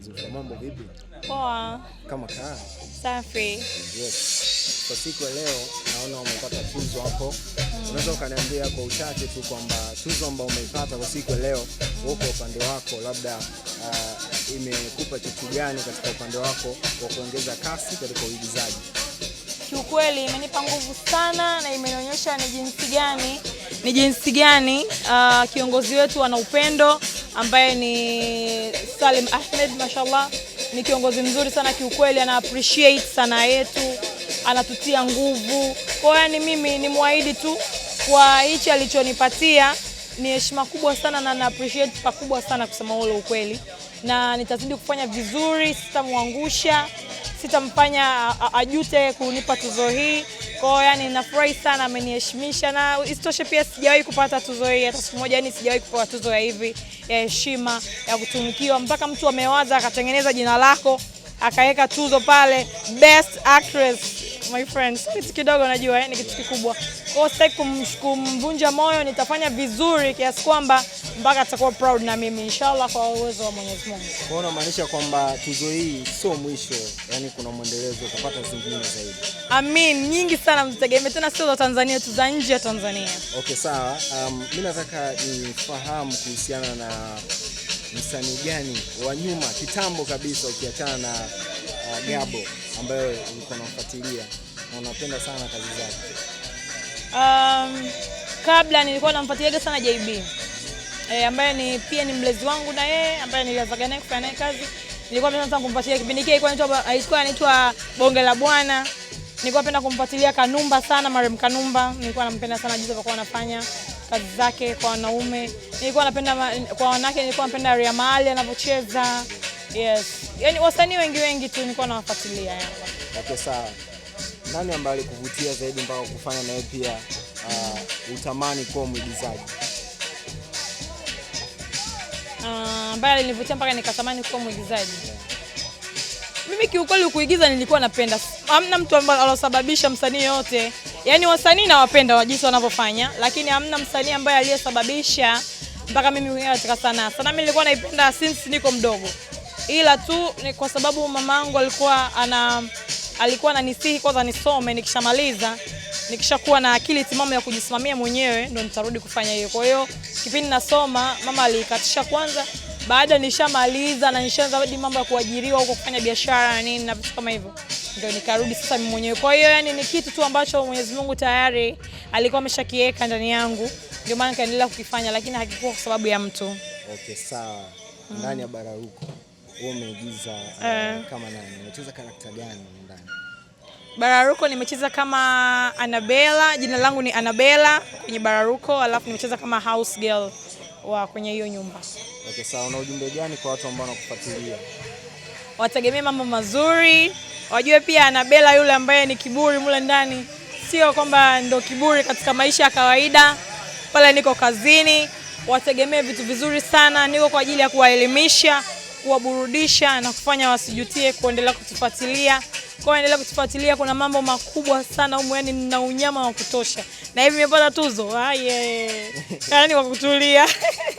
Zuhra, mambo vipi? Poa. Kama kaa? Safi. Yes. Kwa siku ya leo naona umepata tuzo hapo. Mm. Unaweza ukaniambia kwa uchache tu kwamba tuzo ambayo umeipata kwa siku ya leo huko upande wako labda, uh, imekupa kitu gani katika upande wako wa kuongeza kasi katika uigizaji? Kiukweli imenipa nguvu sana na imenionyesha ni jinsi gani ni jinsi gani uh, kiongozi wetu ana upendo ambaye ni Salim Ahmed, mashallah ni kiongozi mzuri sana kiukweli, ana appreciate sana yetu, anatutia nguvu. Kwa yani mimi ni muahidi tu kwa hichi alichonipatia ni heshima kubwa sana na na appreciate pakubwa sana kusema ule ukweli, na nitazidi kufanya vizuri, sitamwangusha, sitamfanya ajute kunipa tuzo hii. Kwa yani nafurahi sana, ameniheshimisha na isitoshe pia sijawahi kupata tuzo hii hata siku moja, yani sijawahi kupewa tuzo ya hivi ya heshima ya kutunukiwa, mpaka mtu amewaza akatengeneza jina lako akaweka tuzo pale best actress. My friends, kitu kidogo najua eh, ni kitu kikubwa kwao. Sitaki kumvunja moyo, nitafanya vizuri kiasi kwamba mpaka atakuwa proud na mimi inshallah, kwa uwezo wa Mwenyezi Mungu. Kwa hiyo unamaanisha kwamba tuzo hii sio mwisho, yani kuna mwendelezo, utapata zingine zaidi? Amin, nyingi sana mzitegemee, tena sio za Tanzania tu, za nje ya Tanzania. Okay, sawa. Um, mimi nataka nifahamu kuhusiana na msanii gani wa nyuma kitambo kabisa, ukiachana na uh, Gabo ambayo ulikuwa unafuatilia na unapenda sana kazi zake? Um, kabla nilikuwa namfuatiliaga sana JB e, ambaye ni pia ni mlezi wangu na yeye ambaye nilizaga naye kufanya naye kazi. Nilikuwa napenda sana kumfuatilia kipindi kile, ilikuwa inaitwa Bonge la Bwana. Nilikuwa napenda kumfuatilia Kanumba sana, Marem Kanumba. Nilikuwa nampenda sana jinsi alivyokuwa anafanya kazi zake kwa wanaume. Nilikuwa napenda kwa wanawake, nilikuwa napenda Ria Mali anavyocheza. Yes. Yaani wasanii wengi wengi tu nilikuwa nawafuatilia yapo. Okay, sawa. Nani ambaye alikuvutia zaidi mpaka kufanya nawe pia uh, utamani kuwa mwigizaji? ambayo uh, alinivutia mpaka nikatamani kuwa mwigizaji. Mimi kiukweli kuigiza nilikuwa napenda, hamna mtu ambaye alosababisha msanii yote, yaani wasanii nawapenda jinsi wanavyofanya, lakini hamna msanii ambaye aliyesababisha mpaka mimi kuingia katika sanaa. Sanaa mimi nilikuwa naipenda since niko mdogo, ila tu ni kwa sababu mamangu alikuwa ana alikuwa ananisihi kwanza nisome, nikishamaliza nikishakuwa na akili timamu ya kujisimamia mwenyewe ndo nitarudi kufanya hiyo. Kwa hiyo kipindi nasoma, mama alikatisha kwanza, baada nishamaliza na nishaanza hadi mambo ya kuajiriwa huko, kufanya biashara na nini na vitu kama hivyo, ndio nikarudi sasa mimi mwenyewe. Kwa hiyo yani ni kitu tu ambacho Mwenyezi Mungu tayari alikuwa ameshakiweka ndani yangu, ndio maana nikaendelea kukifanya, lakini hakikuwa kwa sababu ya mtu. Okay, sawa. Ndani ya bara huko wewe umeigiza eh. Eh, kama nani? Unacheza karakta gani ndani? Bararuko nimecheza kama Anabella, jina langu ni Anabella kwenye Bararuko, alafu nimecheza kama house girl wa kwenye hiyo nyumba. Okay, sawa. Una ujumbe gani kwa watu ambao wanakufuatilia? Wategemee mambo mazuri, wajue pia Anabella yule ambaye ni kiburi mule ndani, sio kwamba ndo kiburi katika maisha ya kawaida. Pale niko kazini, wategemee vitu vizuri sana. Niko kwa ajili ya kuwaelimisha, kuwaburudisha na kufanya wasijutie kuendelea kutufuatilia. Kwa endelea kutufuatilia, kuna mambo makubwa sana humu, yani na unyama wa kutosha, na hivi nimepata tuzo. aye, yeah. Yaani wa kutulia